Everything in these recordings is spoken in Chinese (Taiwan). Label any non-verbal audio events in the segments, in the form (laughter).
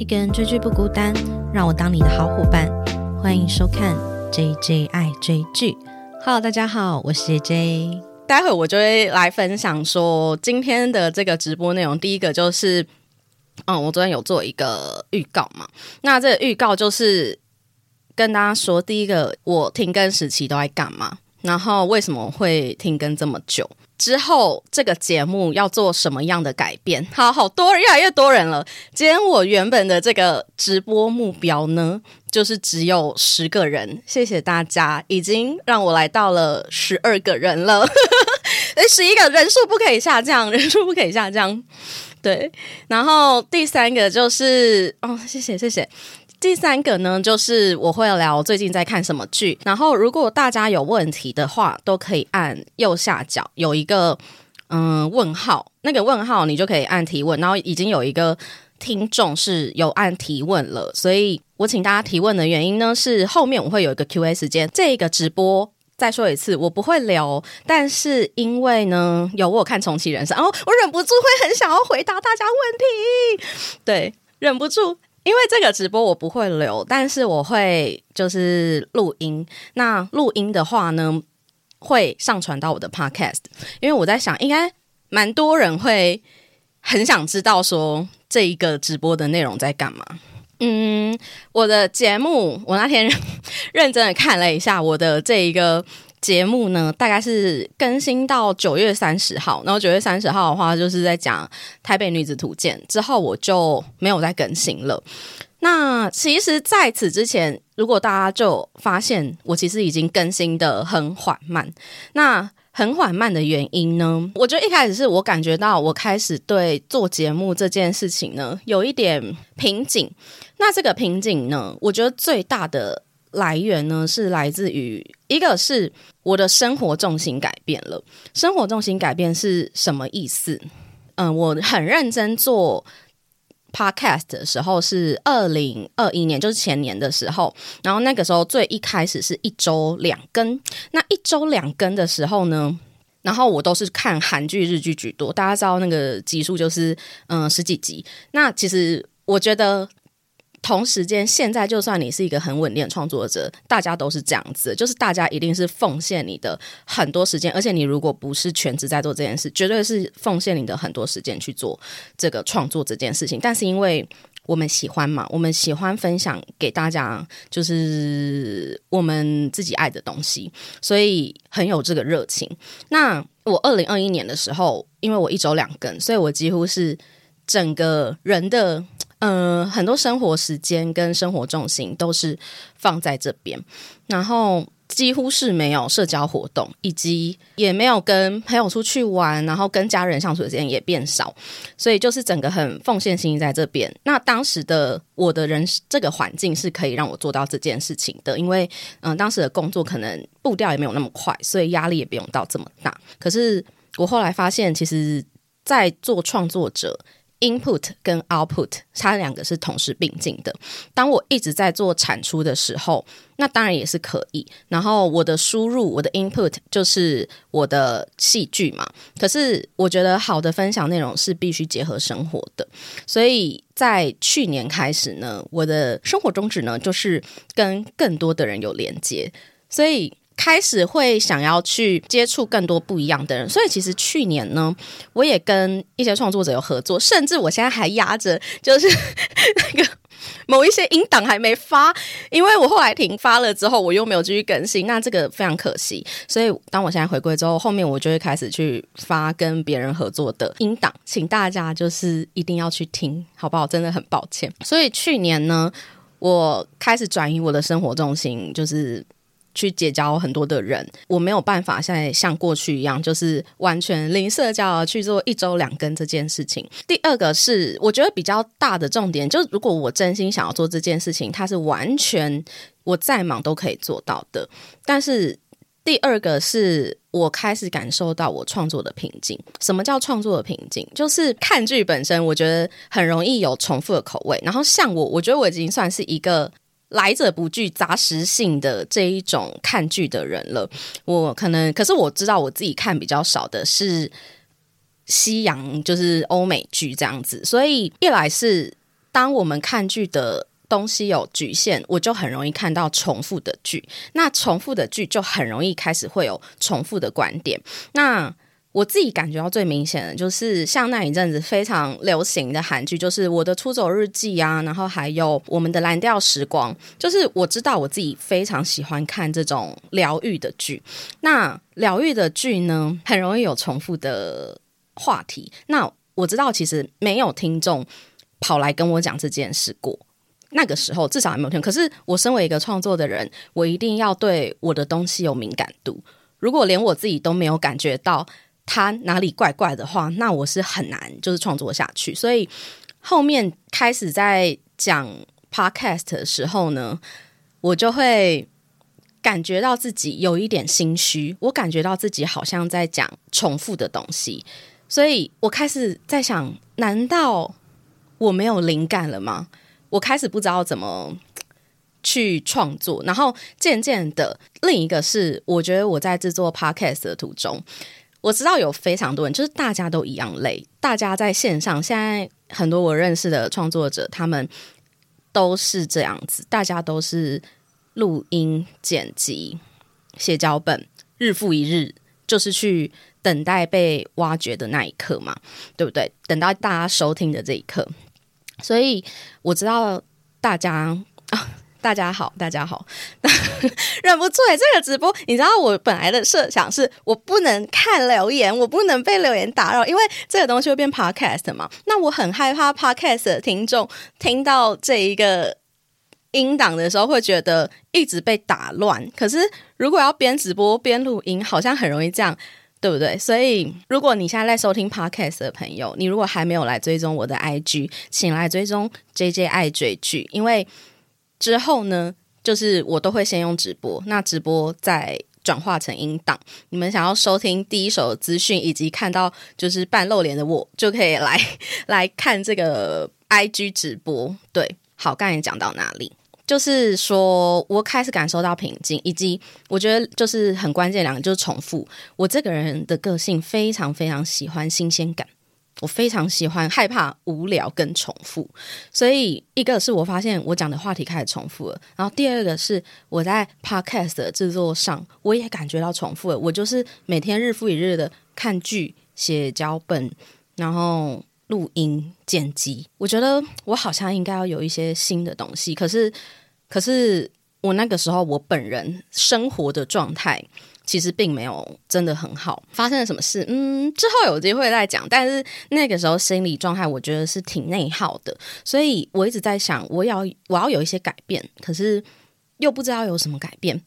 一個人追劇不孤單，讓我當你的好夥伴。歡迎收看 JJ 愛追劇。Hello，大家好，我是 J J。待會我就會來分享說今天的這個直播內容。第一個就是，嗯，我昨天有做一個預告嘛。那這個預告就是跟大家說，第一個我停更時期都在幹嘛，然後為什麼會停更這麼久。之後這個節目要做什麼樣的改變？好，好多人越來越多人了。今天我原本的這個直播目標呢，就是只有十個人。謝謝大家，已經讓我來到了十二個人了。哎、 (laughs) 欸，十一個人數不可以下降，人數不可以下降。對，然後第三個就是哦，謝謝，謝謝。第三個呢，就是我會聊最近在看什麼劇。然後，如果大家有問題的話，都可以按右下角有一個嗯問號，那個問號你就可以按提問。然後，已經有一個聽眾是有按提問了，所以我請大家提問的原因呢，是後面我會有一個 Q&A 時間。這個直播再說一次，我不會聊，但是因為呢，有我有看重啟人生，然後，哦，我忍不住會很想要回答大家問題，對，忍不住。因為這個直播我不會留，但是我會就是錄音。那錄音的話呢，會上傳到我的 podcast。因為我在想，應該蠻多人會很想知道說這一個直播的內容在幹嘛。嗯，我的節目我那天認真的看了一下，我的這一個。節目呢，大概是更新到九月三十號，然後九月三十號的話，就是在講《台北女子圖鑑》之後，我就沒有再更新了。那其實，在此之前，如果大家就發現我其實已經更新得很緩慢，那很緩慢的原因呢，我覺得一開始是我感覺到我開始對做節目這件事情呢，有一點瓶頸。那這個瓶頸呢，我覺得最大的。來源呢，是來自於一個是我的生活重心改變了，生活重心改變是什麼意思？嗯、呃，我很認真做 podcast 的時候是二零二一年，就是前年的時候，然後那個時候最一開始是一周兩更，那一周兩更的時候呢，然後我都是看韓劇、日劇居多，大家知道那個集數就是嗯、呃、十幾集，那其實我覺得。同時間，現在就算你是一個很穩定的創作者，大家都是這樣子，就是大家一定是奉獻你的很多時間，而且你如果不是全職在做這件事，絕對是奉獻你的很多時間去做這個創作這件事情。但是因為我們喜歡嘛，我們喜歡分享給大家，就是我們自己愛的東西，所以很有這個熱情。那我二零二一年的時候，因為我一周兩更，所以我幾乎是整個人的。嗯、呃，很多生活時間跟生活重心都是放在這邊，然後幾乎是沒有社交活動，以及也沒有跟朋友出去玩，然後跟家人相處的時間也變少，所以就是整個很奉獻心在這邊。那當時的我的人生這個環境是可以讓我做到這件事情的，因為嗯、呃，當時的工作可能步調也沒有那麼快，所以壓力也不用到這麼大。可是我後來發現，其實，在做創作者。Input 跟 Output，它兩個是同時並進的。當我一直在做產出的時候，那當然也是可以。然後我的輸入，我的 Input 就是我的戲劇嘛。可是我覺得好的分享內容是必須結合生活的，所以在去年開始呢，我的生活宗旨呢，就是跟更多的人有連接，所以。開始會想要去接觸更多不一樣的人，所以其實去年呢，我也跟一些創作者有合作，甚至我現在還壓着，就是那個某一些音檔還沒發，因為我後來停發了之後，我又沒有繼續更新，那這個非常可惜。所以當我現在回歸之後，後面我就會開始去發跟別人合作的音檔，請大家就是一定要去聽，好不好？真的很抱歉。所以去年呢，我開始轉移我的生活重心，就是。去結交很多的人，我沒有辦法再像過去一樣，就是完全零社交去做一周兩更這件事情。第二個是我覺得比較大的重點，就是如果我真心想要做這件事情，它是完全我再忙都可以做到的。但是第二個是我開始感受到我創作的瓶頸。什麼叫創作的瓶頸？就是看劇本身，我覺得很容易有重複的口味。然後像我，我覺得我已經算是一個。來者不拒、雜食性的這一種看劇的人了，我可能，可是我知道我自己看比較少的是西洋，就是歐美劇這樣子。所以一來是當我們看劇的東西有局限，我就很容易看到重複的劇，那重複的劇就很容易開始會有重複的觀點。那我自己感覺到最明顯的就是，像那一陣子非常流行的韓劇，就是《我的出走日記》啊，然後還有《我們的藍調時光》，就是我知道我自己非常喜歡看這種療癒的劇。那療癒的劇呢，很容易有重複的話題。那我知道，其實沒有聽眾跑來跟我講這件事過。那個時候至少還沒有聽。可是我身為一個創作的人，我一定要對我的東西有敏感度。如果連我自己都沒有感覺到，他哪裡怪怪的話，那我是很難就是創作下去。所以後面開始在講 Podcast 的時候呢，我就會感覺到自己有一點心虛。我感覺到自己好像在講重複的東西，所以我開始在想：難道我沒有靈感了嗎？我開始不知道怎麼去創作。然後漸漸的，另一個是，我覺得我在製作 Podcast 的途中。我知道有非常多人，就是大家都一樣累。大家在線上，現在很多我認識的創作者，他們都是這樣子，大家都是錄音、剪輯、寫腳本，日復一日，就是去等待被挖掘的那一刻嘛，對不對？等到大家收聽的這一刻，所以我知道大家，啊。大家好，大家好， (laughs) 忍不住哎、欸，這個直播你知道，我本來的設想是我不能看留言，我不能被留言打擾，因為這個東西會變 podcast 嘛。那我很害怕 podcast 聽眾聽到這一個音檔的時候，會覺得一直被打亂。可是如果要邊直播邊錄音，好像很容易這樣，對不對？所以如果你現在在收聽 podcast 的朋友，你如果還沒有來追蹤我的 IG，請來追蹤 JJ 愛追劇，因為。之後呢，就是我都會先用直播，那直播再轉化成音檔。你們想要收聽第一手資訊以及看到就是半露臉的我，就可以來來看這個 IG 直播。對，好，剛才講到哪裡？就是說，我開始感受到平靜，以及我覺得就是很關鍵兩個，就是重複。我這個人的個性非常非常喜歡新鮮感。我非常喜歡害怕無聊跟重複，所以一個是我發現我講的話題開始重複了，然後第二個是我在 podcast 的製作上，我也感覺到重複了。我就是每天日復一日的看劇、寫腳本、然後錄音、剪輯。我覺得我好像應該要有一些新的東西，可是可是我那個時候我本人生活的狀態。其實並沒有真的很好，發生了什麼事？嗯，之後有機會再講。但是那個時候心理狀態，我覺得是挺內耗的，所以我一直在想，我要我要有一些改變，可是又不知道有什麼改變，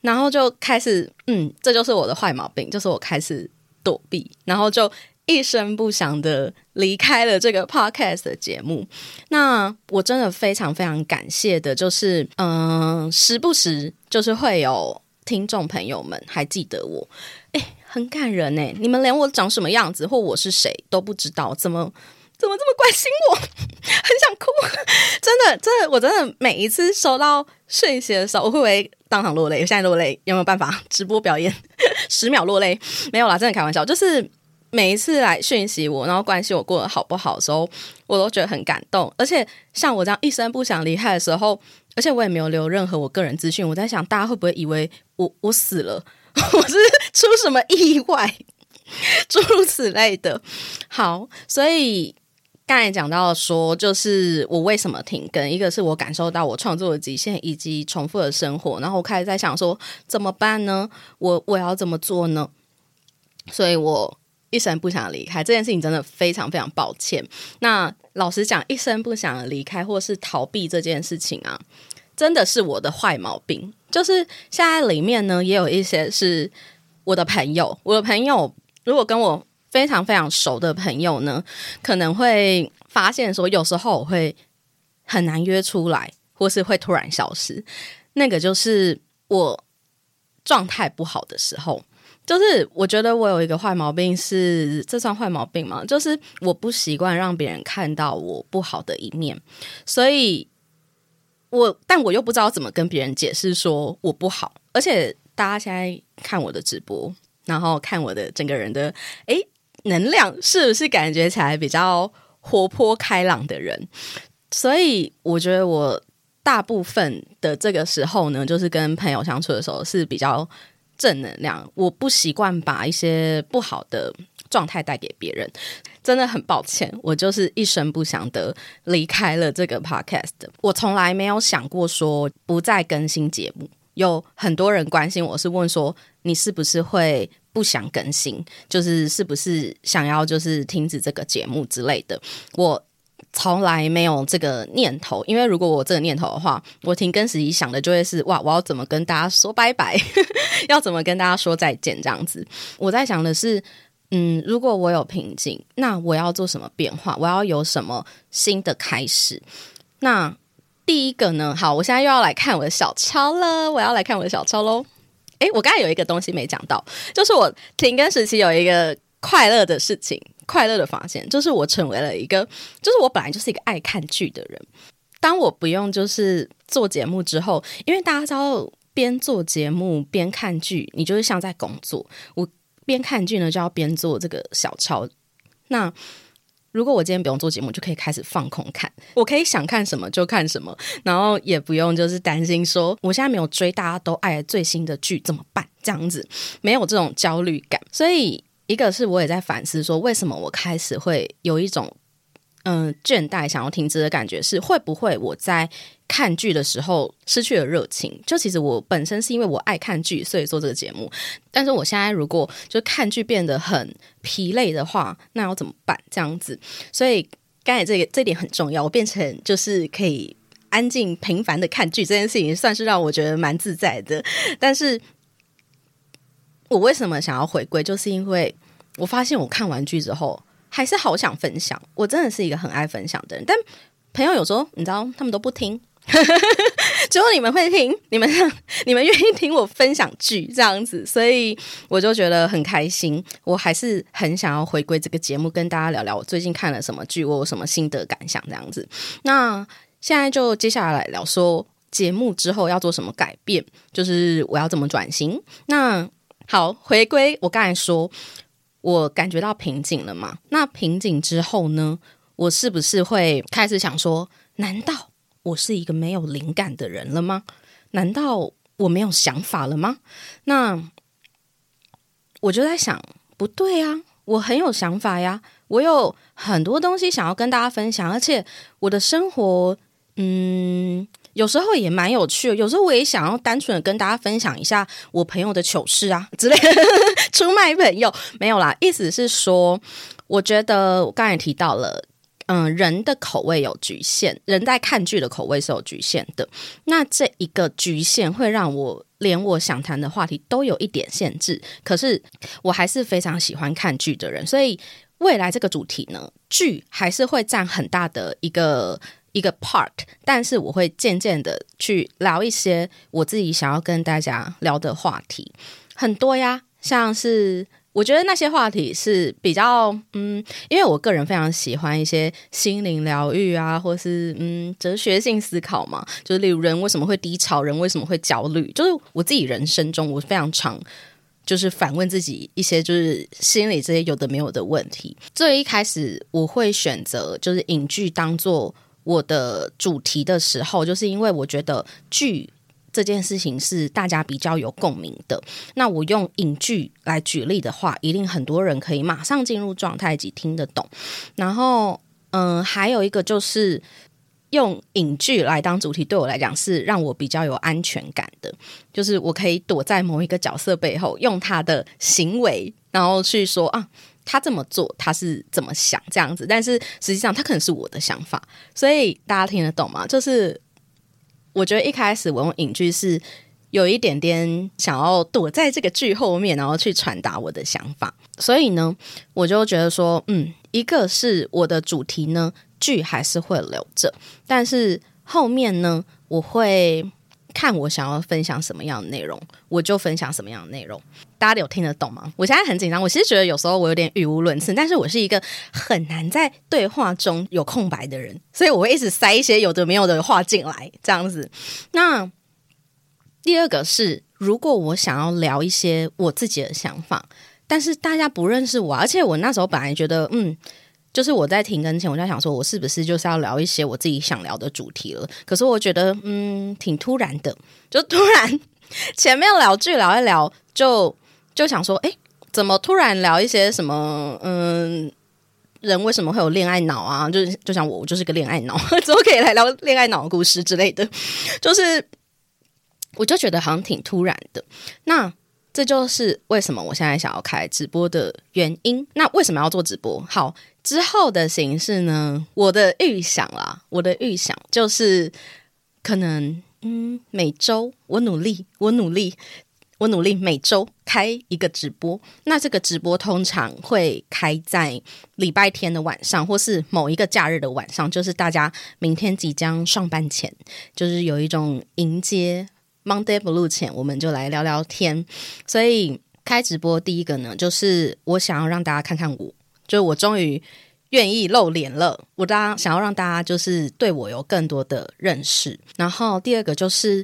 然後就開始，嗯，這就是我的壞毛病，就是我開始躲避，然後就一聲不響的離開了這個 podcast 的節目。那我真的非常非常感謝的，就是嗯、呃，時不時就是會有。聽眾朋友們還記得我？哎，很感人呢！你們連我長什麼樣子或我是誰都不知道，怎麼怎麼這麼關心我？很想哭，真的真的，我真的每一次收到訊息的時候，我會不會當場落淚。我現在落淚，有沒有辦法直播表演十秒落淚？沒有啦，真的開玩笑。就是每一次來訊息我，然後關心我過得好不好的時候，我都覺得很感動。而且像我這樣一聲不響離開的時候。而且我也沒有留任何我個人資訊。我在想，大家會不會以為我我死了， (laughs) 我是出什麼意外，諸 (laughs) 如此類的。好，所以剛才講到說，就是我為什麼停更，一個是我感受到我創作的極限以及重複的生活，然後我開始在想說怎麼辦呢？我我要怎麼做呢？所以我一生不想離開這件事情，真的非常非常抱歉。那。老實講，一聲不響離開或是逃避這件事情啊，真的是我的壞毛病。就是現在裡面呢，也有一些是我的朋友。我的朋友，如果跟我非常非常熟的朋友呢，可能會發現說，有時候我會很難約出來，或是會突然消失。那個就是我。狀態不好的時候，就是我覺得我有一個壞毛病是，是這算壞毛病嗎？就是我不習慣讓別人看到我不好的一面，所以，我但我又不知道怎麼跟別人解釋說我不好。而且大家現在看我的直播，然後看我的整個人的，哎，能量是不是感覺起來比較活潑開朗的人？所以我覺得我。大部分的這個時候呢，就是跟朋友相處的時候是比較正能量。我不習慣把一些不好的狀態帶給別人，真的很抱歉。我就是一聲不響的離開了這個 podcast。我從來沒有想過說不再更新節目。有很多人關心我是問說你是不是會不想更新，就是是不是想要就是停止這個節目之類的。我。從來沒有這個念頭，因為如果我這個念頭的話，我停更時期想的就會是哇，我要怎麼跟大家說拜拜， (laughs) 要怎麼跟大家說再見這樣子。我在想的是，嗯，如果我有瓶頸，那我要做什麼變化？我要有什麼新的開始？那第一個呢？好，我現在又要來看我的小抄了，我要來看我的小抄嘍。誒、欸，我剛才有一個東西沒講到，就是我停更時期有一個快樂的事情。快樂的發現就是我成為了一個，就是我本來就是一個愛看劇的人。當我不用就是做節目之後，因為大家知道邊做節目邊看劇，你就是像在工作。我邊看劇呢就要邊做這個小抄。那如果我今天不用做節目，就可以開始放空看，我可以想看什麼就看什麼，然後也不用就是擔心說我現在沒有追大家都愛最新的劇怎麼辦？這樣子沒有這種焦慮感，所以。一個是我也在反思，說為什麼我開始會有一種嗯、呃、倦怠、想要停止的感覺，是會不會我在看劇的時候失去了熱情？就其實我本身是因為我愛看劇，所以做這個節目。但是我現在如果就看劇變得很疲累的話，那要怎麼辦？這樣子，所以剛才這個這點很重要。我變成就是可以安靜、平凡的看劇這件事情，算是讓我覺得蠻自在的。但是我為什麼想要回歸，就是因為。我發現我看完劇之後還是好想分享，我真的是一個很愛分享的人。但朋友有時候你知道他們都不聽，只 (laughs) 有你們會聽，你們你們願意聽我分享劇這樣子，所以我就覺得很開心。我還是很想要回歸這個節目，跟大家聊聊我最近看了什麼劇，我有什麼心得感想這樣子。那現在就接下來聊說節目之後要做什麼改變，就是我要怎麼轉型？那好，回歸我剛才說。我感覺到瓶頸了嘛。那瓶頸之後呢？我是不是會開始想說，難道我是一個沒有靈感的人了嗎？難道我沒有想法了嗎？那我就在想，不對啊，我很有想法呀，我有很多東西想要跟大家分享，而且我的生活，嗯。有時候也蠻有趣的，有時候我也想要單純的跟大家分享一下我朋友的糗事啊之類的，出賣朋友沒有啦。意思是說，我覺得我剛才提到了，嗯、呃，人的口味有局限，人在看劇的口味是有局限的。那這一個局限會讓我連我想談的話題都有一點限制。可是我還是非常喜歡看劇的人，所以未來這個主題呢，劇還是會佔很大的一個。一個 part，但是我會漸漸的去聊一些我自己想要跟大家聊的話題，很多呀。像是我覺得那些話題是比較嗯，因為我個人非常喜歡一些心靈療癒啊，或是嗯哲學性思考嘛。就是例如人為什麼會低潮，人為什麼會焦慮，就是我自己人生中我非常常就是反問自己一些就是心理這些有的沒有的問題。最一開始我會選擇就是影劇當做我的主題的時候，就是因為我覺得劇這件事情是大家比較有共鳴的。那我用影劇來舉例的話，一定很多人可以馬上進入狀態以及聽得懂。然後，嗯、呃，還有一個就是用影劇來當主題，對我來講是讓我比較有安全感的。就是我可以躲在某一個角色背後，用他的行為，然後去說啊。他這麼做，他是怎麼想這樣子？但是實際上，他可能是我的想法，所以大家聽得懂嗎？就是我覺得一開始我用影劇是有一點點想要躲在這個劇後面，然後去傳達我的想法。所以呢，我就覺得說，嗯，一個是我的主題呢，劇還是會留着，但是後面呢，我會。看我想要分享什麼樣的內容，我就分享什麼樣的內容。大家有聽得懂嗎？我現在很緊張，我其實覺得有時候我有點語無倫次，但是我是一個很難在對話中有空白的人，所以我會一直塞一些有的沒有的話進來，這樣子。那第二個是，如果我想要聊一些我自己的想法，但是大家不認識我，而且我那時候本來覺得，嗯。就是我在停更前，我就想說，我是不是就是要聊一些我自己想聊的主題了？可是我覺得，嗯，挺突然的，就突然前面聊劇聊一聊，就就想說，哎、欸，怎麼突然聊一些什麼？嗯，人為什麼會有戀愛腦啊？就是就像我，我就是個戀愛腦，怎麼可以來聊戀愛腦的故事之類的。就是我就覺得好像挺突然的。那這就是為什麼我現在想要開直播的原因。那為什麼要做直播？好。之後的形式呢？我的預想啊，我的預想就是，可能嗯，每週我努力，我努力，我努力，每週開一個直播。那這個直播通常會開在禮拜天的晚上，或是某一個假日的晚上，就是大家明天即將上班前，就是有一種迎接 Monday Blue 前，我們就來聊聊天。所以開直播第一個呢，就是我想要讓大家看看我。就我終於願意露臉了，我當然想要讓大家就是對我有更多的認識。然後第二個就是，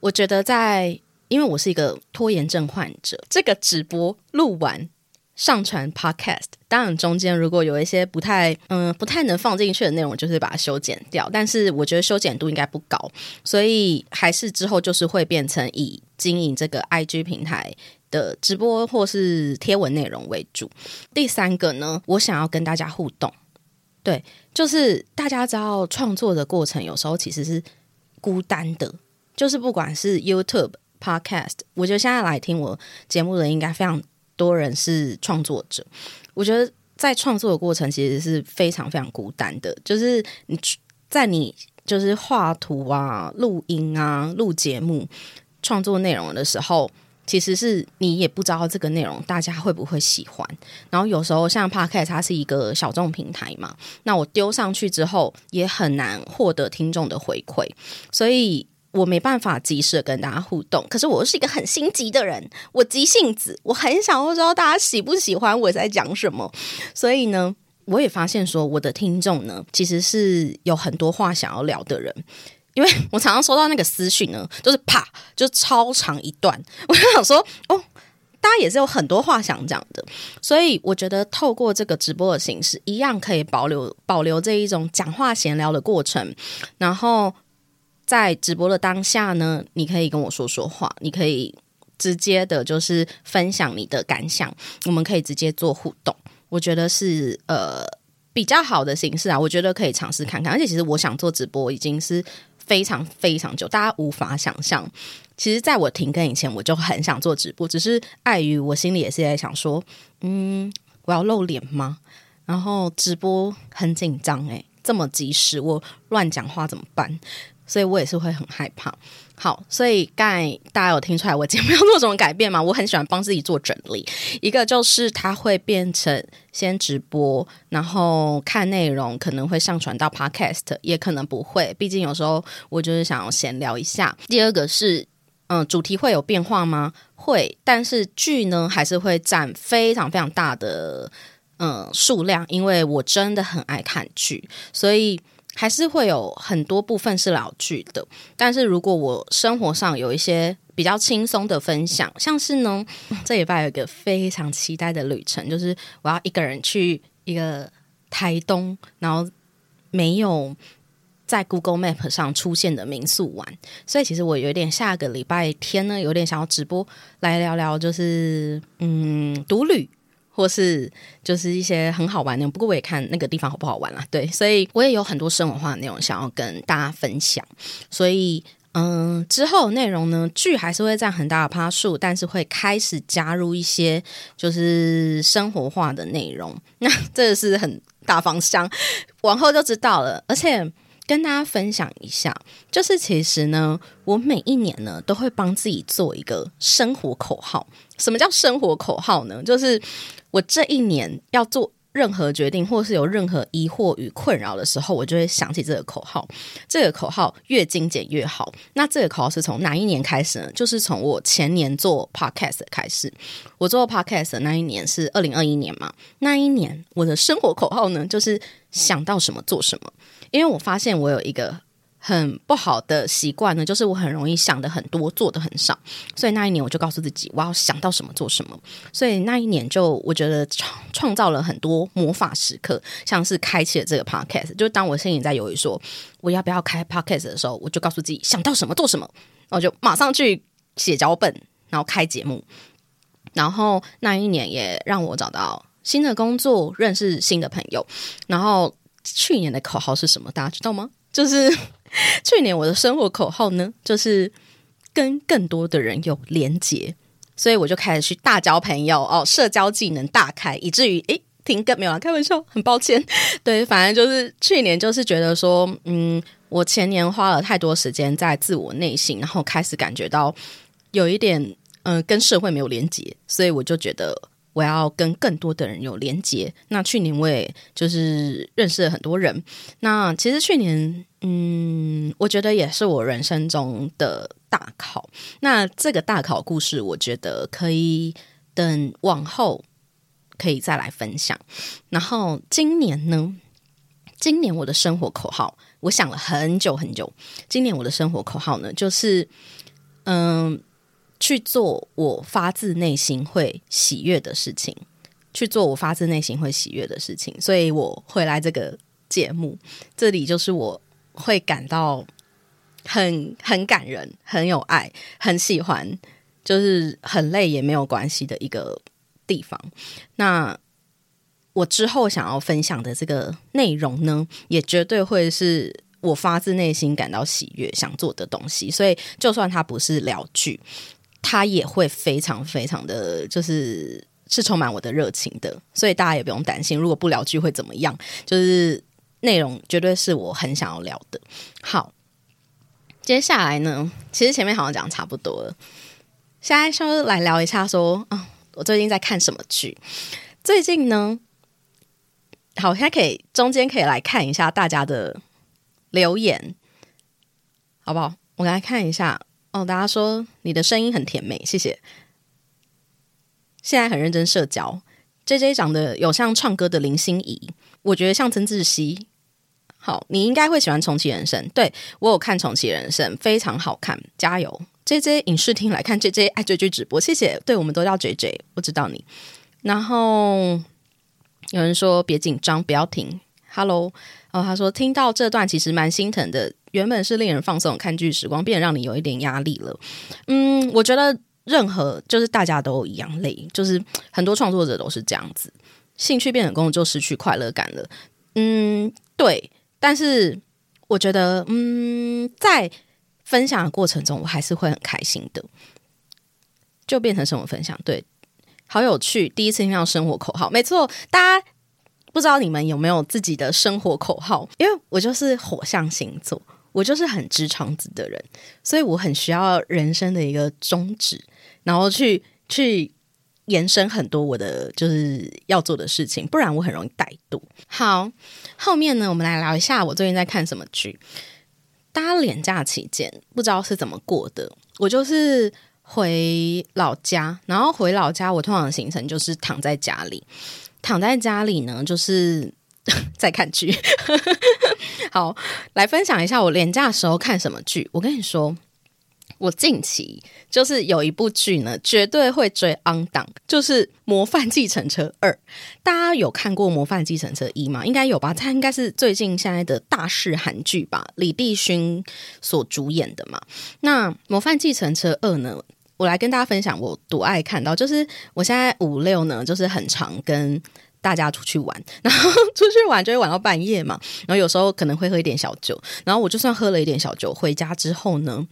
我覺得在因為我是一個拖延症患者，這個直播錄完、上傳 Podcast，當然中間如果有一些不太嗯、呃、不太能放進去的內容，就是把它修剪掉。但是我覺得修剪度應該不高，所以還是之後就是會變成以經營這個 IG 平台。的直播或是貼文內容為主。第三個呢，我想要跟大家互動。對，就是大家知道創作的過程有時候其實是孤單的。就是不管是 YouTube、Podcast，我覺得現在來聽我節目的應該非常多人是創作者。我覺得在創作的過程其實是非常非常孤單的。就是你在你就是畫圖啊、錄音啊、錄節目、創作內容的時候。其實是你也不知道這個內容大家會不會喜歡，然後有時候像 Podcast 它是一個小眾平台嘛，那我丟上去之後也很難獲得聽眾的回饋，所以我沒辦法及時的跟大家互動。可是我又是一個很心急的人，我急性子，我很想要知道大家喜不喜歡我在講什麼，所以呢，我也發現說我的聽眾呢其實是有很多話想要聊的人。因為我常常收到那個私訊呢，就是啪，就是超長一段。我就想說，哦，大家也是有很多話想講的，所以我覺得透過這個直播的形式，一樣可以保留保留這一種講話閒聊的過程。然後在直播的當下呢，你可以跟我說說話，你可以直接的，就是分享你的感想，我們可以直接做互動。我覺得是呃比較好的形式啊，我覺得可以嘗試看看。而且其實我想做直播已經是。非常非常久，大家無法想象。其實，在我停更以前，我就很想做直播，只是礙於我心裡也是在想說，嗯，我要露臉嗎？然後直播很緊張，欸，誒，這麼即時，我亂講話怎麼辦？所以我也是會很害怕。好，所以剛才大家有聽出來我節目要做什麼改變嗎？我很喜歡幫自己做整理，一個就是它會變成先直播，然後看內容可能會上傳到 Podcast，也可能不會，畢竟有時候我就是想要閒聊一下。第二個是，嗯、呃，主題會有變化嗎？會，但是劇呢還是會占非常非常大的嗯、呃、數量，因為我真的很愛看劇，所以。還是會有很多部分是老劇的，但是如果我生活上有一些比較輕鬆的分享，像是呢，這禮拜有一個非常期待的旅程，就是我要一個人去一個台東，然後沒有在 Google Map 上出現的民宿玩。所以其實我有點下個禮拜天呢，有點想要直播來聊聊，就是嗯，獨旅。或是就是一些很好玩的，不過我也看那個地方好不好玩啦，啊，對，所以我也有很多生活化的內容想要跟大家分享。所以，嗯，之後內容呢，劇還是會佔很大的趴數，但是會開始加入一些就是生活化的內容。那這是很大方向，往後就知道了。而且。跟大家分享一下，就是其實呢，我每一年呢都會幫自己做一個生活口號。什麼叫生活口號呢？就是我這一年要做。任何決定或是有任何疑惑與困擾的時候，我就會想起這個口號。這個口號越精簡越好。那這個口號是從哪一年開始呢？就是從我前年做 podcast 開始。我做 podcast 的那一年是二零二一年嘛？那一年我的生活口號呢，就是想到什麼做什麼。因為我發現我有一個。很不好的習慣呢，就是我很容易想得很多，做得很少。所以那一年，我就告訴自己，我要想到什麼做什麼。所以那一年，就我覺得創造了很多魔法時刻，像是開啟了這個 podcast。就當我心裡在猶豫說我要不要開 podcast 的時候，我就告訴自己想到什麼做什麼，我就馬上去寫腳本，然後開節目。然後那一年也讓我找到新的工作，認識新的朋友。然後去年的口號是什麼？大家知道嗎？就是。去年我的生活口號呢，就是跟更多的人有連接。所以我就開始去大交朋友哦，社交技能大開，以至於哎、欸、停更沒有啦開玩笑，很抱歉。對，反正就是去年就是覺得說，嗯，我前年花了太多時間在自我內心，然後開始感覺到有一點嗯、呃、跟社會沒有連接。所以我就覺得。我要跟更多的人有連接。那去年我也就是認識了很多人。那其實去年，嗯，我覺得也是我人生中的大考。那這個大考故事，我覺得可以等往後可以再來分享。然後今年呢，今年我的生活口號，我想了很久很久。今年我的生活口號呢，就是嗯。呃去做我發自內心會喜悅的事情，去做我發自內心會喜悅的事情，所以我回來這個節目。這裡就是我會感到很很感人、很有愛、很喜歡，就是很累也沒有關係的一個地方。那我之後想要分享的這個內容呢，也絕對會是我發自內心感到喜悅想做的東西。所以，就算它不是聊劇。他也會非常非常的，就是是充滿我的熱情的，所以大家也不用擔心，如果不聊劇會怎麼樣？就是內容絕對是我很想要聊的。好，接下來呢，其實前面好像講的差不多了，現在稍微聊一下說，說啊，我最近在看什麼劇？最近呢，好，大家可以中間可以來看一下大家的留言，好不好？我來看一下。哦，大家說你的聲音很甜美，謝謝。現在很認真社交，J J 長得有像唱歌的林心怡，我覺得像曾智希。好，你應該會喜歡《重啟人生》對，對我有看《重啟人生》，非常好看，加油！J J 影視廳來看 J J 愛追劇直播，謝謝。對我們都叫 J J，我知道你。然後有人說別緊張，不要停。Hello，哦，他說聽到這段其實蠻心疼的。原本是令人放鬆看劇時光，變得讓你有一點壓力了。嗯，我覺得任何就是大家都一樣累，就是很多創作者都是這樣子，興趣變成功就失去快樂感了。嗯，對。但是我覺得，嗯，在分享的過程中，我還是會很開心的。就變成什麼分享？對，好有趣。第一次聽到生活口號，沒錯，大家不知道你們有沒有自己的生活口號，因為我就是火象星座。我就是很直腸子的人，所以我很需要人生的一個宗旨，然後去去延伸很多我的就是要做的事情，不然我很容易怠惰。好，後面呢，我們來聊一下我最近在看什麼劇。大家連假期間不知道是怎麼過的，我就是回老家，然後回老家，我通常行程就是躺在家裡，躺在家裡呢，就是。在 (laughs) 再看劇劇笑，好，來分享一下我連假時候看什麼劇。我跟你說，我近期就是有一部劇呢，絕對會追《On 檔》，就是《模範計程車二》。大家有看過《模範計程車一》嗎？應該有吧？它應該是最近現在的大勢韓劇吧，李帝勳所主演的嘛。那《模範計程車二》呢，我來跟大家分享我獨愛看到，就是我現在五六呢，就是很常跟。大家出去玩，然後出去玩就會玩到半夜嘛，然後有時候可能會喝一點小酒，然後我就算喝了一點小酒，回家之後呢，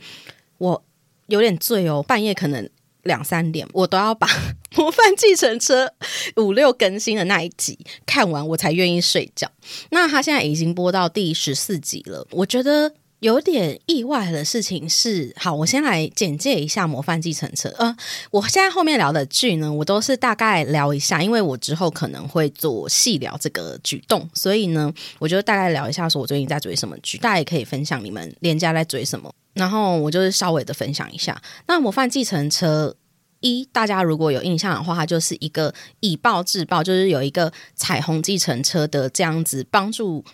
我有點醉哦，半夜可能兩三點，我都要把《模範計程車》五六更新的那一集看完，我才願意睡覺。那他現在已經播到第十四集了，我覺得。有點意外的事情是，好，我先來簡介一下《模範計程車》呃、嗯，我現在後面聊的劇呢，我都是大概聊一下，因為我之後可能會做細聊這個舉動，所以呢，我就大概聊一下，說我最近在追什麼劇，大家也可以分享你們連假在追什麼。然後我就是稍微的分享一下，那《模範計程車》一大家如果有印象的話，它就是一個以暴制暴，就是有一個彩虹計程車的這樣子幫助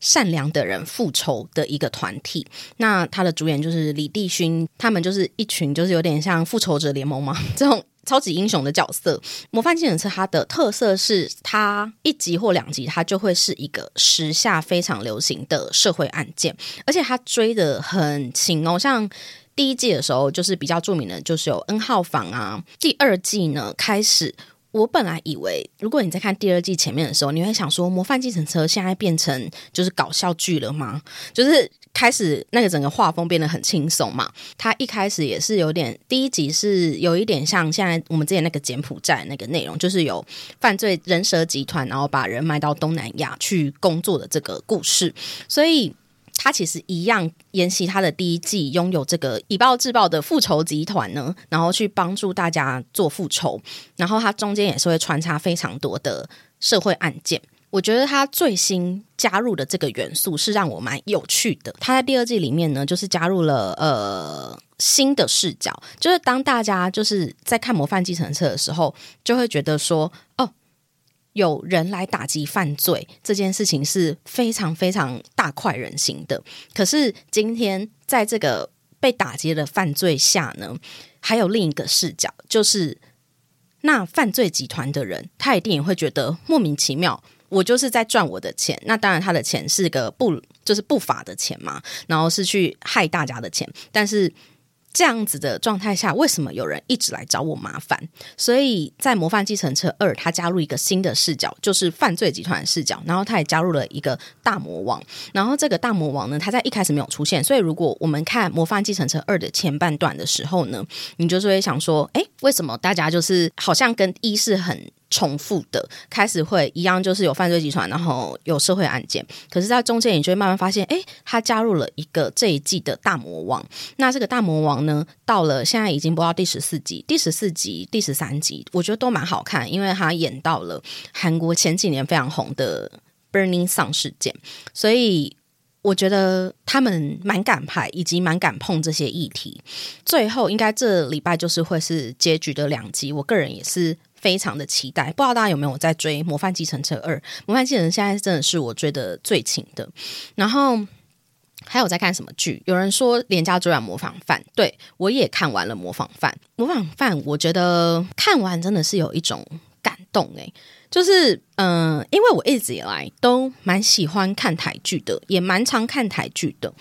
善良的人復仇的一個團體，那他的主演就是李帝勳，他們就是一群就是有點像復仇者聯盟嘛，這種超級英雄的角色。模範計程車是他的特色是，它一集或兩集它就會是一個時下非常流行的社會案件，而且它追的很勤哦。像第一季的時候，就是比較著名的，就是有 N 號房啊。第二季呢開始。我本來以為，如果你在看第二季前面的時候，你會想說，《模範計程車》現在變成就是搞笑劇了嗎？就是開始那個整個畫風變得很輕鬆嘛。它一開始也是有點，第一集是有一點像現在我們之前那個柬埔寨那個內容，就是有犯罪人蛇集團，然後把人賣到東南亞去工作的這個故事，所以。他其實一樣沿襲他的第一季，擁有這個以暴制暴的復仇集團呢，然後去幫助大家做復仇。然後他中間也是會穿插非常多的社會案件。我覺得他最新加入的這個元素是讓我蠻有趣的。他在第二季裡面呢，就是加入了呃新的視角，就是當大家就是在看《模範計程車》的時候，就會覺得說哦。有人來打擊犯罪這件事情是非常非常大快人心的。可是今天在這個被打擊的犯罪下呢，還有另一個視角，就是那犯罪集團的人，他一定也會覺得莫名其妙。我就是在賺我的錢，那當然他的錢是個不就是不法的錢嘛，然後是去害大家的錢，但是。這樣子的狀態下，為什麼有人一直來找我麻煩？所以在《模範計程車二》他加入一個新的視角，就是犯罪集團的視角，然後他也加入了一個大魔王。然後這個大魔王呢，他在一開始沒有出現，所以如果我們看《模範計程車二》的前半段的時候呢，你就是會想說：哎、欸，為什麼大家就是好像跟一是很？重複的開始會一樣，就是有犯罪集團，然後有社會案件。可是，在中間你就會慢慢發現，哎、欸，他加入了一個這一季的大魔王。那這個大魔王呢，到了現在已經播到第十四集，第十四集、第十三集，我覺得都蠻好看，因為他演到了韓國前幾年非常紅的《Burning s o n g 事件。所以，我覺得他們蠻敢拍，以及蠻敢碰這些議題。最後，應該這禮拜就是會是結局的兩集。我個人也是。非常的期待，不知道大家有沒有在追《模範計程車二》？《模範計程》現在真的是我追的最勤的。然後還有在看什麼劇？有人說連假追完《模仿犯》，對，我也看完了《模仿犯》。《模仿犯》我覺得看完真的是有一種感動誒、欸，就是嗯、呃，因為我一直以來都蠻喜歡看台劇的，也蠻常看台劇的。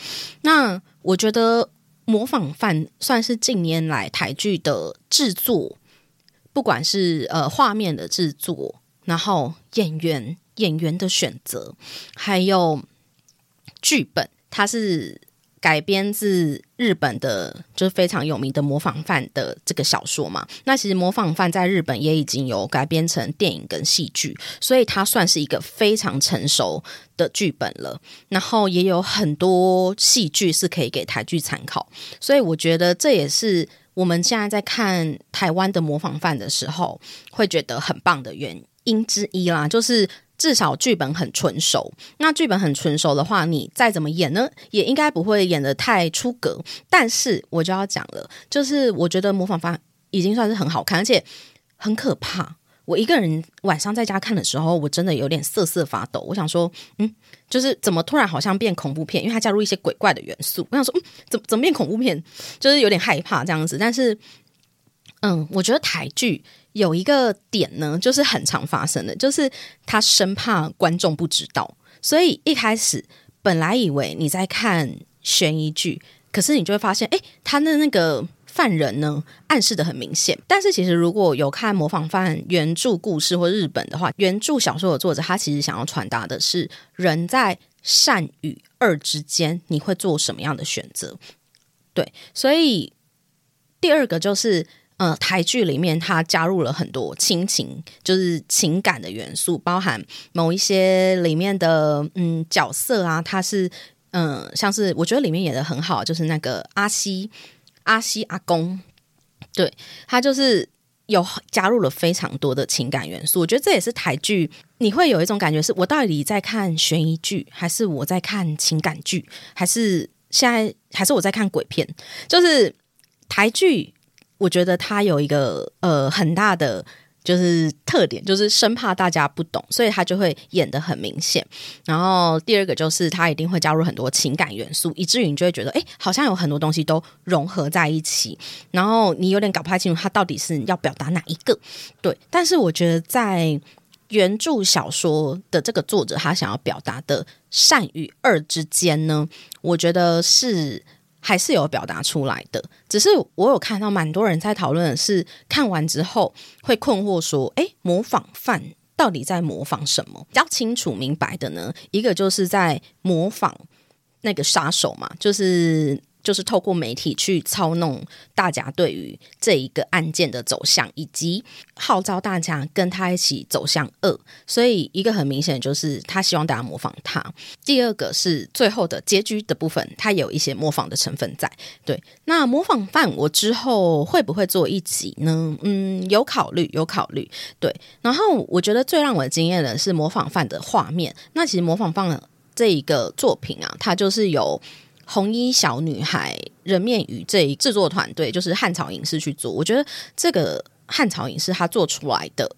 那我覺得《模仿犯》算是近年來台劇的制作，不管是呃畫面的製作，然後演員演員的選擇，還有劇本，它是改編自日本的，就是非常有名的《模仿犯》的這個小說嘛。那其實《模仿犯》在日本也已經有改編成電影跟戲劇，所以它算是一個非常成熟的劇本了。然後也有很多戲劇是可以給台劇參考，所以我覺得這也是。我們現在在看台灣的模仿犯的時候，會覺得很棒的原因之一啦，就是至少劇本很純熟。那劇本很純熟的話，你再怎麼演呢？也應該不會演得太出格。但是我就要講了，就是我覺得模仿犯已經算是很好看，而且很可怕。我一個人晚上在家看的時候，我真的有點瑟瑟發抖。我想說，嗯，就是怎麼突然好像變恐怖片，因為它加入一些鬼怪的元素。我想說，嗯，怎麼怎麼變恐怖片，就是有點害怕這樣子。但是，嗯，我覺得台劇有一個點呢，就是很常發生的，就是他生怕觀眾不知道，所以一開始本來以為你在看懸疑劇，可是你就會發現，哎，他的那個。犯人呢，暗示得很明顯。但是其實如果有看模仿犯原著故事或日本的話，原著小說的作者他其實想要傳達的是人在善與惡之間，你會做什麼樣的選擇？對，所以第二個就是，呃，台劇裡面它加入了很多親情，就是情感的元素，包含某一些裡面的嗯角色啊，他是嗯、呃，像是我覺得裡面演得很好，就是那個阿西。阿西阿公，對，他就是有加入了非常多的情感元素。我覺得這也是台劇，你會有一種感覺是：是我到底在看懸疑劇，還是我在看情感劇，還是現在還是我在看鬼片？就是台劇，我覺得它有一個呃很大的。就是特點，就是生怕大家不懂，所以他就會演得很明顯。然後第二個就是他一定會加入很多情感元素，以至於你就會覺得，誒，好像有很多東西都融合在一起，然後你有點搞不太清楚他到底是要表達哪一個。對，但是我覺得在原著小說的這個作者，他想要表達的善與惡之間呢，我覺得是。還是有表達出來的，只是我有看到蠻多人在討論，是看完之後會困惑說：“欸，模仿犯到底在模仿什麼？”比較清楚明白的呢，一個就是在模仿那個殺手嘛，就是。就是透過媒體去操弄大家對於這一個案件的走向，以及號召大家跟他一起走向惡。所以一個很明顯就是他希望大家模仿他。第二個是最後的結局的部分，他有一些模仿的成分在。對，那模仿犯我之後會不會做一集呢？嗯，有考慮，有考慮。對，然後我覺得最讓我的驚艷的是模仿犯的畫面。那其實模仿犯的這一個作品啊，它就是有。《紅衣小女孩》《人面魚》這一制作團隊就是漢朝影視去做，我覺得這個漢朝影視他做出來的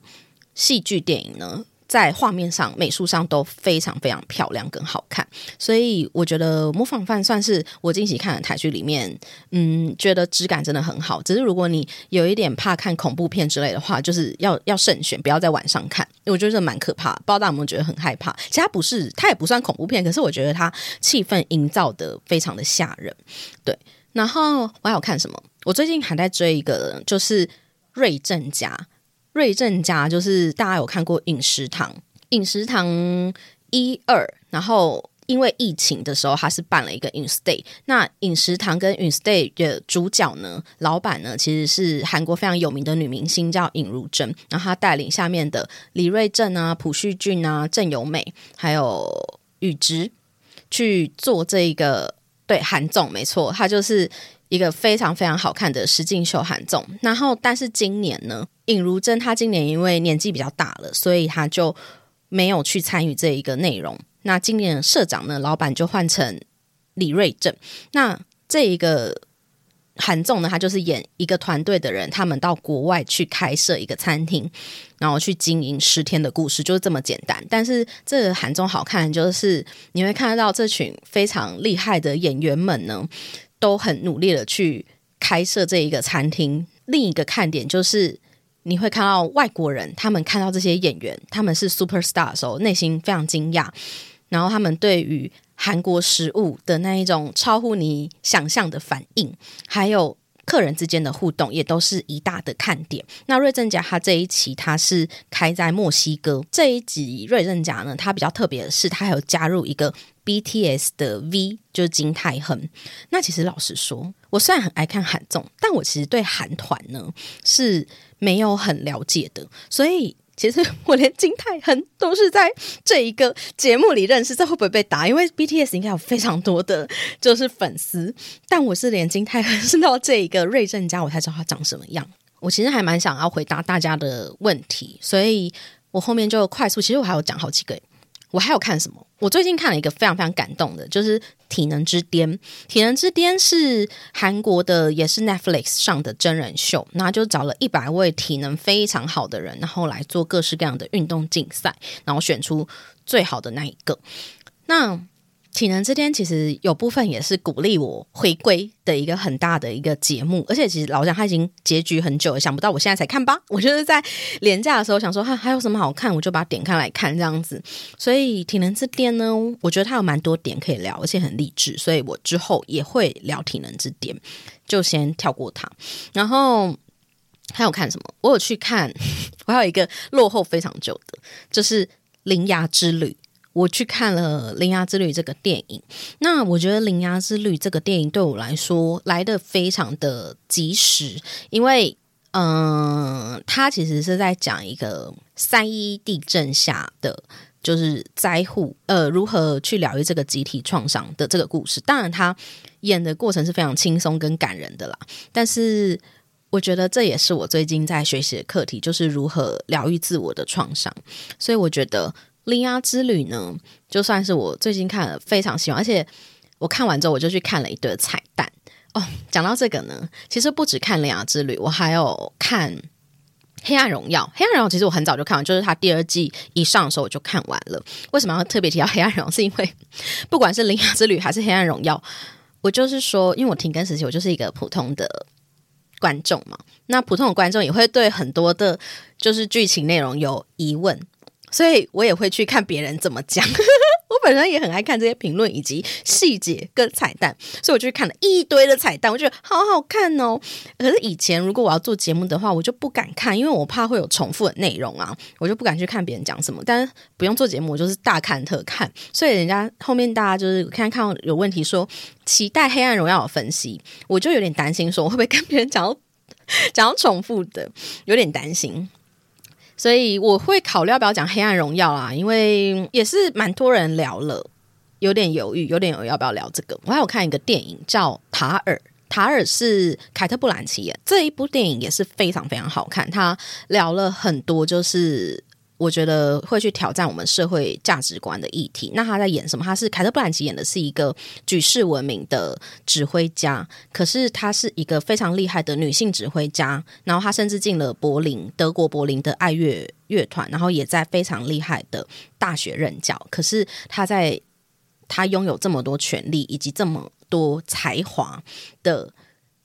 戲劇電影呢，在畫面上、美術上都非常非常漂亮跟好看。所以我覺得《模仿犯》算是我近期看的台劇裡面，嗯，覺得質感真的很好。只是如果你有一點怕看恐怖片之類的話，就是要要慎選，不要在晚上看，因為我覺得蠻可怕的。不知道大家有沒有覺得很害怕，其他不是，它也不算恐怖片，可是我覺得它氣氛營造的非常的嚇人。對，然後我還有看什麼？我最近還在追一個，就是《瑞正家》。瑞正家就是大家有看過《飲食堂》，《飲食堂》一二，然後因為疫情的時候，他是辦了一個飲食 day，那《飲食堂》跟飲食 day 的主角呢，老板呢其實是韓國非常有名的女明星叫尹汝貞，然後她帶領下面的李瑞正啊、朴敘俊啊、鄭有美還有宇植去做這一個。對，韓綜沒錯，他就是一個非常非常好看的實境秀韓綜。然後，但是今年呢，尹如真她今年因為年紀比較大了，所以她就沒有去參與這一個內容。那今年社長呢，老闆就換成李瑞鎮。那這一個。韓綜呢，他就是演一個團隊的人，他們到國外去開設一個餐廳，然後去經營十天的故事，就是這麼簡單。但是這韓綜好看，就是你會看到這群非常厲害的演員們呢，都很努力的去開設這一個餐廳。另一個看點就是你會看到外國人，他們看到這些演員，他們是 super star 的時候，內心非常驚訝，然後他們對於。韓國食物的那一種超乎你想象的反應，還有客人之間的互動，也都是一大的看點。那《瑞正甲》他這一期他是開在墨西哥，這一集《瑞正甲》呢，它比較特別的是，它還有加入一個 BTS 的 V，就是金泰亨。那其實老實說，我雖然很愛看韓綜，但我其實對韓團呢是沒有很了解的，所以。其實我連金泰亨都是在這一個節目裡認識，這會不會被打？因為 BTS 應該有非常多的就是粉絲，但我是連金泰亨是到這一個瑞正家我才知道他長什麼樣。我其實還蠻想要回答大家的問題，所以我後面就快速，其實我還有講好幾個。我還有看什麼？我最近看了一個非常非常感動的，就是體能之《體能之巔》。《體能之巔》是韓國的，也是 Netflix 上的真人秀，那就找了一百位體能非常好的人，然後來做各式各樣的運動競賽，然後選出最好的那一個。那《體能之巔》其實有部分也是鼓勵我回歸的一個很大的一個節目，而且其實老講他已經結局很久，想不到我現在才看吧。我就是在連假的時候想說哈，還有什麼好看，我就把它點開來看這樣子。所以《體能之巔》呢，我覺得它有蠻多點可以聊，而且很勵志，所以我之後也會聊《體能之巔》，就先跳過它。然後還有看什麼？我有去看， (laughs) 我還有一個落後非常久的，就是《鈴芽之旅》。我去看了《鈴芽之旅》這個電影，那我覺得《鈴芽之旅》這個電影對我來說來得非常的及時，因為，嗯、呃，它其實是在講一個三一地震下的就是災戶，呃，如何去療癒這個集體創傷的這個故事。當然，他演的過程是非常輕鬆跟感人的啦，但是我覺得這也是我最近在學習的課題，就是如何療癒自我的創傷，所以我覺得。《鈴芽之旅》呢，就算是我最近看了，非常喜歡，而且我看完之後，我就去看了一堆彩蛋哦。講到這個呢，其實不止看《鈴芽之旅》，我還有看黑暗榮耀《黑暗榮耀》。《黑暗榮耀》其實我很早就看完，就是它第二季一上的時候我就看完了。為什麼要特別提到《黑暗榮耀》？是因為不管是《鈴芽之旅》還是《黑暗榮耀》，我就是說，因為我停更時期，我就是一個普通的觀眾嘛。那普通的觀眾也會對很多的，就是劇情內容有疑問。所以我也會去看別人怎麼講， (laughs) 我本身也很愛看這些評論以及細節跟彩蛋，所以我就去看了一堆的彩蛋，我覺得好好看哦。可是以前如果我要做節目的話，我就不敢看，因為我怕會有重復的內容啊，我就不敢去看別人講什麼。但是不用做節目，我就是大看特看。所以人家後面大家就是剛剛看到有問題說，期待《黑暗榮耀》的分析，我就有點擔心說，我會不會跟別人講到講到重複的，有點擔心。所以我會考慮要不要講《黑暗榮耀》啊，因為也是蠻多人聊了，有點猶豫，有點猶豫要不要聊這個。我還有看一個電影叫《塔爾》，塔爾是凱特·布蘭奇演，這一部電影也是非常非常好看。他聊了很多，就是。我覺得會去挑戰我們社會價值觀的議題。那他在演什麼？他是凱特·布蘭奇演的是一個舉世聞名的指揮家，可是他是一個非常厲害的女性指揮家。然後他甚至進了柏林、德國柏林的愛樂樂團，然後也在非常厲害的大學任教。可是他在他擁有這麼多權力以及這麼多才華的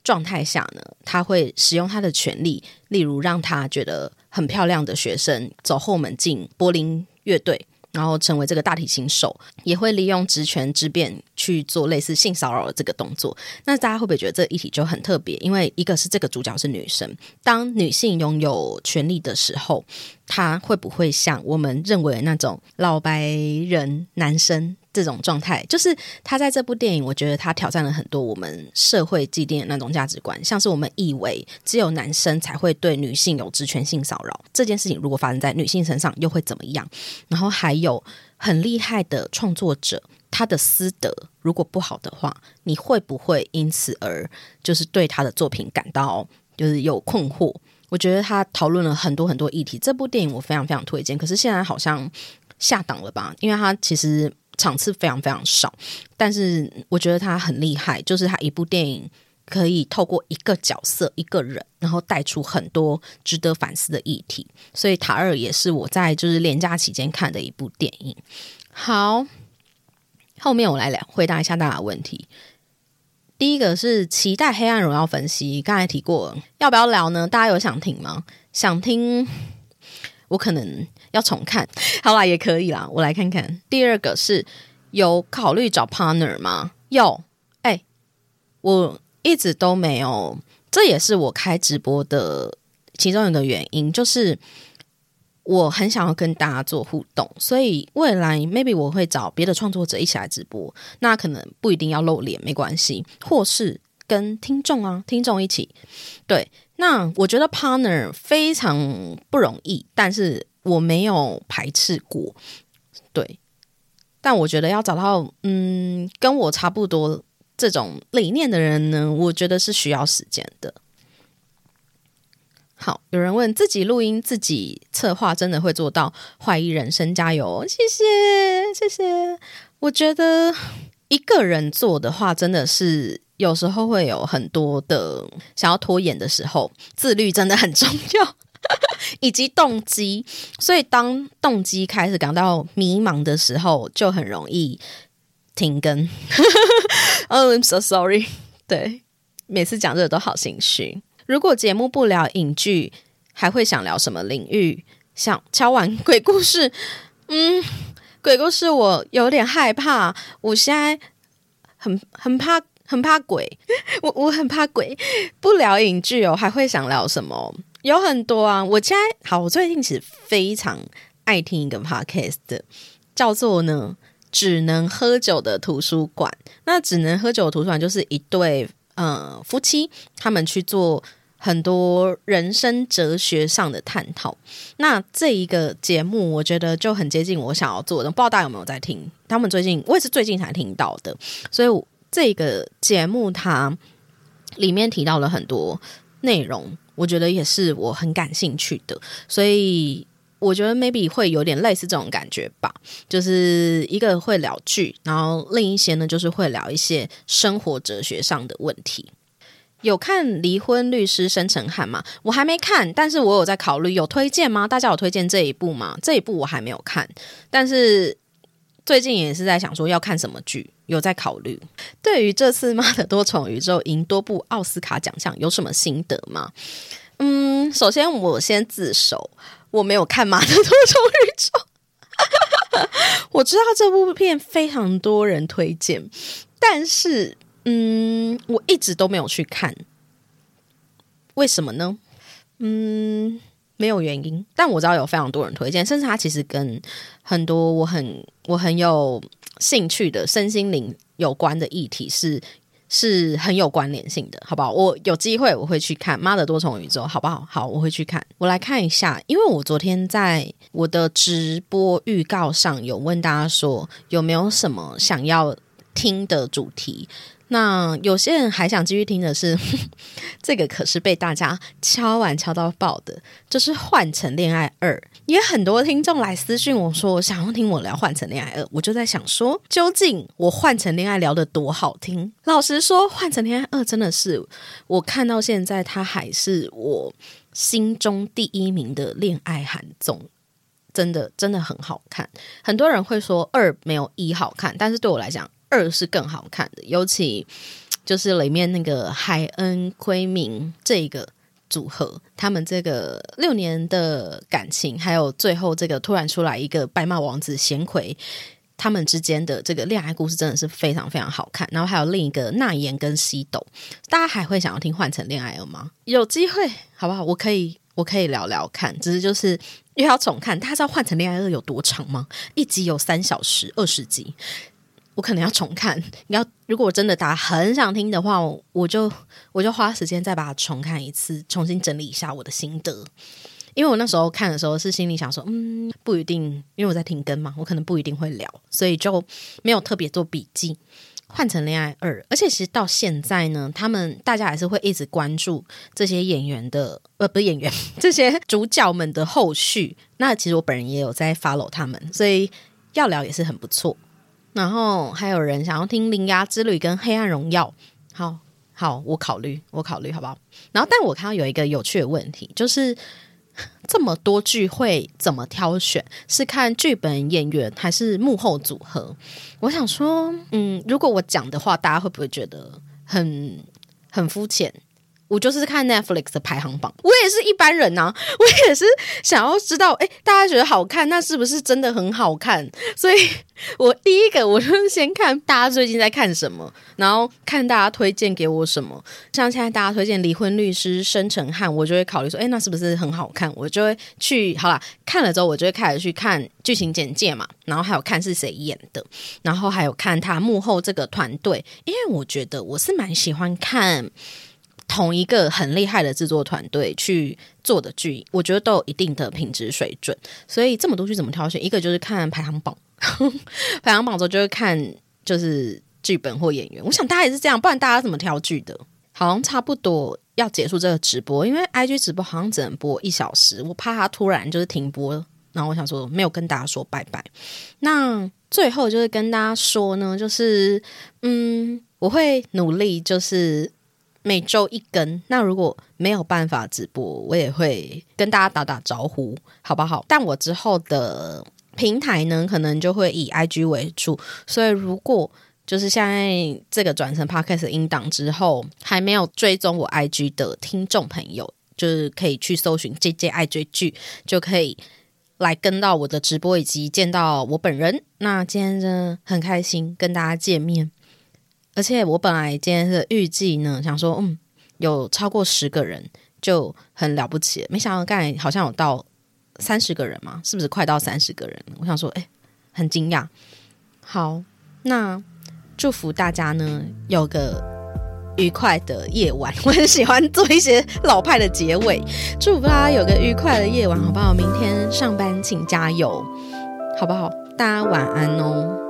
狀態下呢，他會使用他的權力，例如讓他覺得。很漂亮的學生走後門進柏林樂隊，然後成為這個大提琴手，也會利用職權之便去做類似性騷擾的這個動作。那大家會不會覺得這個議題就很特別？因為一個是這個主角是女生，當女性擁有權力的時候，她會不會像我們認為那種老白人男生？這種狀態，就是他在這部電影，我覺得他挑戰了很多我們社會既定的那種價值觀，像是我們以為只有男生才會對女性有職權性騷擾，這件事情如果發生在女性身上又會怎麼樣？然後還有很厲害的創作者，他的私德如果不好的話，你會不會因此而就是對他的作品感到就是有困惑？我覺得他討論了很多很多議題，這部電影我非常非常推薦，可是現在好像下檔了吧？因為他其實……場次非常非常少，但是我覺得他很厲害，就是他一部電影可以透過一個角色一個人，然後帶出很多值得反思的議題。所以《塔爾》也是我在就是連假期間看的一部電影。好，後面我來聊，回答一下大家的問題。第一個是期待《黑暗榮耀》分析，剛才提過，要不要聊呢？大家有想聽嗎？想聽。我可能要重看，好啦，也可以啦。我來看看。第二個是有考慮找 partner 嗎？有，哎，我一直都沒有，這也是我開直播的其中一個原因，就是我很想要跟大家做互動，所以未來 maybe 我會找別的創作者一起來直播，那可能不一定要露臉，沒關係，或是。跟聽眾啊，聽眾一起，對。那我覺得 partner 非常不容易，但是我沒有排斥過。對，但我覺得要找到嗯跟我差不多這種理念的人呢，我覺得是需要時間的。好，有人問自己錄音、自己策劃，真的會做到？懷疑人生，加油！謝謝，謝謝。我覺得一個人做的話，真的是。有時候會有很多的想要拖延的時候，自律真的很重要，以及動機。所以當動機開始感到迷茫的時候，就很容易停更。 (laughs) Oh, I'm so sorry。對，每次講這個都好心虛。如果節目不聊影劇，還會想聊什麼領域？想敲完鬼故事？嗯，鬼故事我有點害怕。我現在很很怕。很怕鬼，我我很怕鬼。不聊影劇哦，還會想聊什麼？有很多啊。我現在好，我最近其實非常愛聽一個 podcast，叫做呢“只能喝酒的圖書館”。那“只能喝酒的圖書館”就是一對呃夫妻，他們去做很多人生哲學上的探討。那這一個節目，我覺得就很接近我想要做的。不知道大家有沒有在聽？他們最近我也是最近才聽到的，所以。這個節目它裡面提到了很多內容，我覺得也是我很感興趣的，所以我覺得 maybe 會有點類似這種感覺吧，就是一個會聊劇，然後另一些呢就是會聊一些生活哲學上的問題。有看《離婚律師》申成漢嗎？我還沒看，但是我有在考慮，有推薦嗎？大家有推薦這一部嗎？這一部我還沒有看，但是最近也是在想說要看什麼劇。有在考慮，對於這次《媽的多重宇宙》贏多部奧斯卡獎項，有什麼心得嗎？嗯，首先我先自首，我沒有看《媽的多重宇宙》， (laughs) 我知道這部片非常多人推薦，但是，嗯，我一直都沒有去看，為什麼呢？嗯，沒有原因，但我知道有非常多人推薦，甚至他其實跟很多我很我很有。興趣的身心靈有關的議題是是很有關聯性的，好不好？我有機會我會去看《媽的多重宇宙》，好不好？好，我會去看。我來看一下，因為我昨天在我的直播預告上有問大家說有沒有什麼想要聽的主題。那有些人還想繼續聽的是呵呵，這個可是被大家敲完敲到爆的，就是《換乘戀愛二》。因為很多聽眾來私信我說我想要聽我聊《換乘戀愛二》，我就在想說，究竟我《換乘戀愛》聊得多好聽？老實說，《換乘戀愛二》真的是我看到現在，它還是我心中第一名的戀愛韓綜，真的真的很好看。很多人會說二沒有一好看，但是對我來講。二是更好看的，尤其就是裡面那個海恩奎明，這一個組合，他們這個六年的感情，還有最後這個突然出來一個白馬王子賢奎，他們之間的這個戀愛故事真的是非常非常好看。然後還有另一個娜妍跟西斗。大家還會想要聽《換乘戀愛》了嗎？有機會好不好？我可以我可以聊聊看，只是就是又要重看。大家知道《換乘戀愛二》有多長嗎？一集有三小時，二十集。我可能要重看，你要如果我真的打很想聽的話，我就我就花時間再把它重看一次，重新整理一下我的心得。因為我那時候看的時候是心裡想說，嗯，不一定，因為我在停更嘛，我可能不一定會聊，所以就沒有特別做筆記。換成《戀愛二》，而且其實到現在呢，他們大家還是會一直關注這些演員的，呃，不是演員，這些主角們的後續。那其實我本人也有在 follow 他們，所以要聊也是很不錯。然後還有人想要聽《鈴芽之旅》跟《黑暗榮耀》，好，好好，我考慮，我考慮，好不好？然後，但我看到有一個有趣的問題，就是這麼多劇會怎麼挑選？是看劇本、演員還是幕後組合？我想說，嗯，如果我講的話，大家會不會覺得很很膚淺？我就是看 Netflix 的排行榜，我也是一般人啊。我也是想要知道，哎、欸，大家覺得好看，那是不是真的很好看？所以，我第一個，我就先看大家最近在看什麼，然後看大家推薦給我什麼，像現在大家推薦《離婚律師申晟漢》，我就會考慮說，哎、欸，那是不是很好看？我就會去，好啦，看了之後，我就會開始去看劇情簡介嘛，然後還有看是誰演的，然後還有看他幕後這個團隊，因為我覺得我是蠻喜歡看。同一個很厲害的製作團隊去做的劇，我覺得都有一定的品質水準。所以這麼多劇怎麼挑選？一個就是看排行榜， (laughs) 排行榜的時候就會看就是劇本或演員。我想大家也是這樣，不然大家怎麼挑劇的？好像差不多要結束這個直播，因為 IG 直播好像只能播一小時，我怕它突然就是停播了。然後我想說，沒有跟大家說拜拜。那最後就是跟大家說呢，就是嗯，我會努力，就是。每週一更，那如果沒有辦法直播，我也會跟大家打打招呼，好不好？但我之後的平台呢，可能就會以 IG 為主。所以，如果就是現在這個轉成 Podcast 音檔之後，還沒有追蹤我 IG 的聽眾朋友，就是可以去搜尋 JJ 愛追劇，就可以來跟到我的直播，以及見到我本人。那今天呢，很開心跟大家見面。而且我本來今天是預計呢，想說嗯，有超過十個人就很了不起了。沒想到剛才好像有到三十個人嘛，是不是快到三十個人？我想說，哎、欸，很驚訝。好，那祝福大家呢有個愉快的夜晚。我很喜歡做一些老派的結尾，祝福大家有個愉快的夜晚，好不好？明天上班請加油，好不好？大家晚安哦。